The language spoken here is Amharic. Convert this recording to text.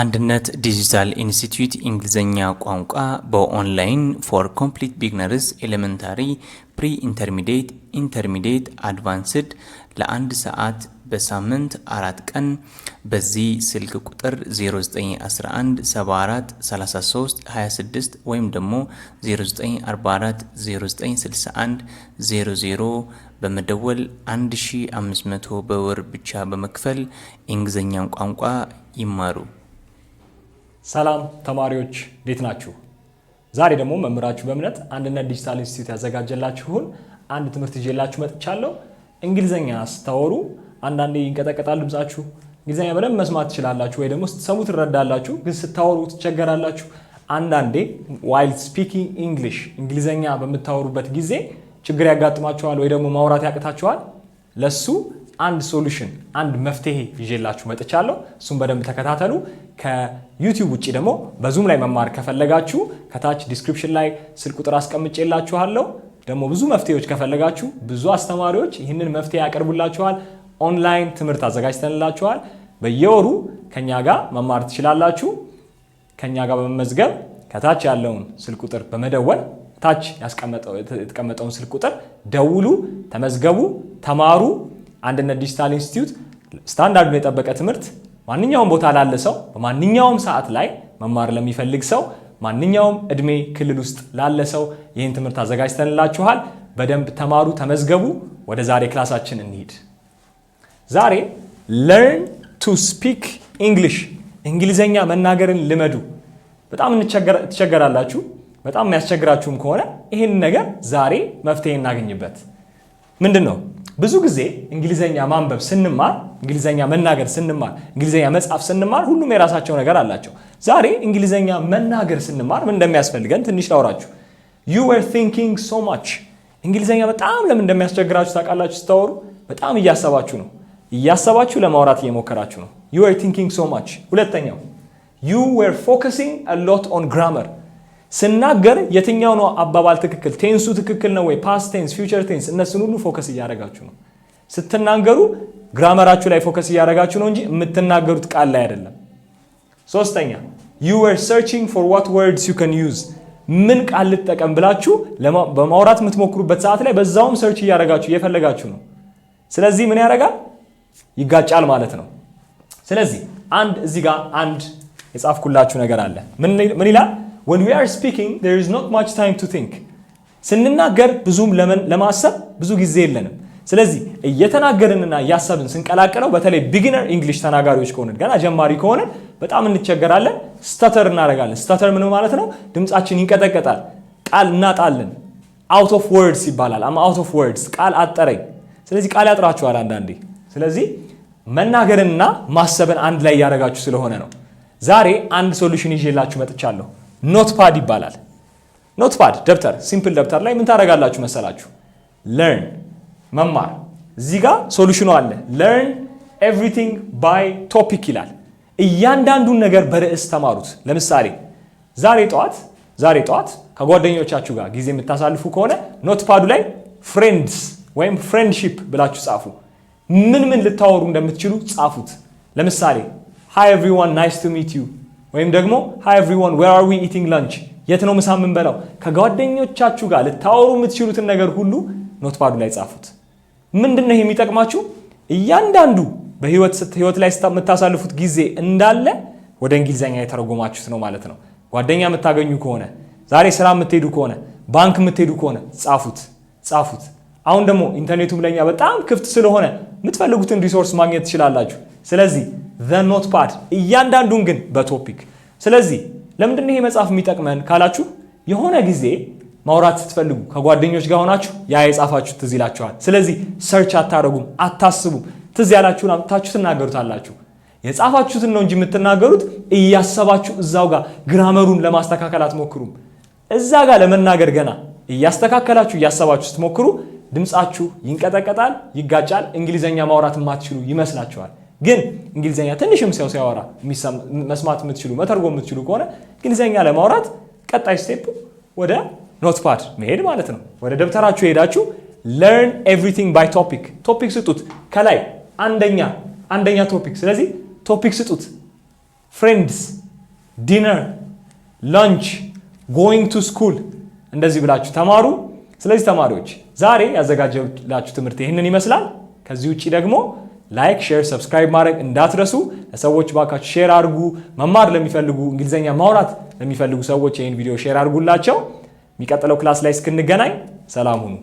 አንድነት ዲጂታል ኢንስቲትዩት እንግሊዝኛ ቋንቋ በኦንላይን ፎር ኮምፕሊት ቢግነርስ ኤሌመንታሪ ፕሪ ኢንተርሚዲየት ኢንተርሚዲየት አድቫንስድ ለአንድ ሰዓት በሳምንት አራት ቀን በዚህ ስልክ ቁጥር 0911743326 ወይም ደግሞ 0944096100 በመደወል 1500 በወር ብቻ በመክፈል እንግሊዝኛን ቋንቋ ይማሩ። ሰላም ተማሪዎች እንዴት ናችሁ? ዛሬ ደግሞ መምህራችሁ በእምነት አንድነት ዲጂታል ኢንስቲትዩት ያዘጋጀላችሁን አንድ ትምህርት ይዤላችሁ መጥቻለሁ። እንግሊዝኛ ስታወሩ አንዳንዴ ይንቀጠቀጣል ድምጻችሁ። እንግሊዝኛ በደንብ መስማት ትችላላችሁ ወይ ደግሞ ስትሰሙ ትረዳላችሁ፣ ግን ስታወሩ ትቸገራላችሁ። አንዳንዴ ዋይልድ ስፒኪንግ ኢንግሊሽ እንግሊዝኛ በምታወሩበት ጊዜ ችግር ያጋጥማችኋል ወይ ደግሞ ማውራት ያቅታችኋል። ለሱ አንድ ሶሉሽን አንድ መፍትሄ ይዤላችሁ መጥቻለሁ። እሱም በደንብ ተከታተሉ። ከዩቲዩብ ውጭ ደግሞ በዙም ላይ መማር ከፈለጋችሁ ከታች ዲስክሪፕሽን ላይ ስልክ ቁጥር አስቀምጬላችኋለሁ። ደግሞ ብዙ መፍትሄዎች ከፈለጋችሁ ብዙ አስተማሪዎች ይህንን መፍትሄ ያቀርቡላችኋል። ኦንላይን ትምህርት አዘጋጅተንላችኋል። በየወሩ ከኛ ጋር መማር ትችላላችሁ። ከኛ ጋር በመመዝገብ ከታች ያለውን ስልክ ቁጥር በመደወል ታች የተቀመጠውን ስልክ ቁጥር ደውሉ፣ ተመዝገቡ፣ ተማሩ። አንድነት ዲጂታል ኢንስቲትዩት ስታንዳርዱን የጠበቀ ትምህርት ማንኛውም ቦታ ላለ ሰው በማንኛውም ሰዓት ላይ መማር ለሚፈልግ ሰው ማንኛውም እድሜ ክልል ውስጥ ላለ ሰው ይህን ትምህርት አዘጋጅተንላችኋል። በደንብ ተማሩ፣ ተመዝገቡ። ወደ ዛሬ ክላሳችን እንሂድ። ዛሬ ለርን ቱ ስፒክ ኢንግሊሽ እንግሊዘኛ መናገርን ልመዱ። በጣም ትቸገራላችሁ። በጣም የሚያስቸግራችሁም ከሆነ ይህን ነገር ዛሬ መፍትሄ እናገኝበት። ምንድን ነው ብዙ ጊዜ እንግሊዘኛ ማንበብ ስንማር፣ እንግሊዘኛ መናገር ስንማር፣ እንግሊዘኛ መጻፍ ስንማር ሁሉም የራሳቸው ነገር አላቸው። ዛሬ እንግሊዘኛ መናገር ስንማር ምን እንደሚያስፈልገን ትንሽ ላውራችሁ። ዩ ዌር ቲንኪንግ ሶ ማች። እንግሊዘኛ በጣም ለምን እንደሚያስቸግራችሁ ታውቃላችሁ? ስታወሩ በጣም እያሰባችሁ ነው። እያሰባችሁ ለማውራት እየሞከራችሁ ነው። ዩ ዌር ቲንኪንግ ሶ ማች። ሁለተኛው ዩ ዌር ፎከሲንግ አ ሎት ኦን ግራመር ስናገር የትኛው ነው አባባል ትክክል፣ ቴንሱ ትክክል ነው ወይ፣ ፓስት ቴንስ፣ ፊውቸር ቴንስ፣ እነሱን ሁሉ ፎከስ እያደረጋችሁ ነው። ስትናገሩ ግራመራችሁ ላይ ፎከስ እያደረጋችሁ ነው እንጂ የምትናገሩት ቃል ላይ አይደለም። ሶስተኛ ዩ ወር ሰርቺንግ ፎር ዋት ወርድስ ዩ ከን ዩዝ ምን ቃል ልጠቀም ብላችሁ በማውራት የምትሞክሩበት ሰዓት ላይ በዛውም ሰርች እያደረጋችሁ እየፈለጋችሁ ነው። ስለዚህ ምን ያደርጋል ይጋጫል ማለት ነው። ስለዚህ አንድ እዚህ ጋር አንድ የጻፍኩላችሁ ነገር አለ ምን ይላል when we are speaking there is not much time to think ስንናገር ብዙም ለማሰብ ብዙ ጊዜ የለንም። ስለዚህ እየተናገርንና እያሰብን ስንቀላቀለው በተለይ ቢጊነር ኢንግሊሽ ተናጋሪዎች ከሆንን ገና ጀማሪ ከሆንን በጣም እንቸገራለን። ስተተር እናደርጋለን። ስተተር ምን ማለት ነው? ድምፃችን ይንቀጠቀጣል፣ ቃል እናጣለን። አውት ኦፍ ወርድስ ይባላል። አም አውት ኦፍ ወርድስ ቃል አጠረኝ። ስለዚህ ቃል ያጥራችኋል አንዳንዴ። ስለዚህ መናገርንና ማሰብን አንድ ላይ እያደረጋችሁ ስለሆነ ነው። ዛሬ አንድ ሶሉሽን ይዤላችሁ መጥቻለሁ። ኖትፓድ ይባላል። ኖትፓድ ደብተር፣ ሲምፕል ደብተር ላይ ምን ታደርጋላችሁ መሰላችሁ? ለርን መማር። እዚህ ጋር ሶሉሽኑ አለ። ለርን ኤቭሪቲንግ ባይ ቶፒክ ይላል። እያንዳንዱን ነገር በርዕስ ተማሩት። ለምሳሌ ዛሬ ጠዋት ዛሬ ጠዋት ከጓደኞቻችሁ ጋር ጊዜ የምታሳልፉ ከሆነ ኖትፓዱ ላይ ፍሬንድስ ወይም ፍሬንድሺፕ ብላችሁ ጻፉ። ምን ምን ልታወሩ እንደምትችሉ ጻፉት። ለምሳሌ ሃይ ኤቭሪዋን ናይስ ቱ ሚት ዩ ወይም ደግሞ ሃይ ኤቭሪዋን ዌር አር ዊ ኢቲንግ ላንች፣ የት ነው ምሳ የምንበላው? ከጓደኞቻችሁ ጋር ልታወሩ የምትችሉትን ነገር ሁሉ ኖትፓዱ ላይ ጻፉት። ምንድን ነው የሚጠቅማችሁ? እያንዳንዱ በህይወት ላይ የምታሳልፉት ጊዜ እንዳለ ወደ እንግሊዝኛ የተረጎማችሁት ነው ማለት ነው። ጓደኛ የምታገኙ ከሆነ ዛሬ ስራ የምትሄዱ ከሆነ ባንክ የምትሄዱ ከሆነ ጻፉት ጻፉት። አሁን ደግሞ ኢንተርኔቱም ለኛ በጣም ክፍት ስለሆነ የምትፈልጉትን ሪሶርስ ማግኘት ትችላላችሁ። ስለዚህ ኖት ፓድ እያንዳንዱን ግን በቶፒክ ስለዚህ ለምንድን ይሄ መጽሐፍ የሚጠቅመን ካላችሁ የሆነ ጊዜ ማውራት ስትፈልጉ ከጓደኞች ጋር ሆናችሁ ያ የጻፋችሁ ትዝ ይላችኋል ስለዚህ ሰርች አታረጉም አታስቡም ትዝ ያላችሁን አምጥታችሁ ትናገሩታላችሁ የጻፋችሁትን ነው እንጂ የምትናገሩት እያሰባችሁ እዛው ጋር ግራመሩን ለማስተካከል አትሞክሩም እዛ ጋር ለመናገር ገና እያስተካከላችሁ እያሰባችሁ ስትሞክሩ ድምፃችሁ ይንቀጠቀጣል ይጋጫል እንግሊዘኛ ማውራት የማትችሉ ይመስላችኋል ግን እንግሊዝኛ ትንሽም ሰው ሲያወራ መስማት የምትችሉ መተርጎ የምትችሉ ከሆነ እንግሊዝኛ ለማውራት ቀጣይ ስቴፕ ወደ ኖትፓድ መሄድ ማለት ነው። ወደ ደብተራችሁ ሄዳችሁ ለርን ኤቭሪቲንግ ባይ ቶፒክ ቶፒክ ስጡት። ከላይ አንደኛ አንደኛ ቶፒክ። ስለዚህ ቶፒክ ስጡት። ፍሬንድስ፣ ዲነር፣ ላንች፣ ጎይንግ ቱ ስኩል እንደዚህ ብላችሁ ተማሩ። ስለዚህ ተማሪዎች ዛሬ ያዘጋጀላችሁ ትምህርት ይህንን ይመስላል። ከዚህ ውጭ ደግሞ ላይክ፣ ሼር፣ ሰብስክራይብ ማድረግ እንዳትረሱ። ለሰዎች ባካቸው ሼር አድርጉ። መማር ለሚፈልጉ እንግሊዝኛ ማውራት ለሚፈልጉ ሰዎች ይህን ቪዲዮ ሼር አድርጉላቸው። የሚቀጥለው ክላስ ላይ እስክንገናኝ ሰላም ሁኑ።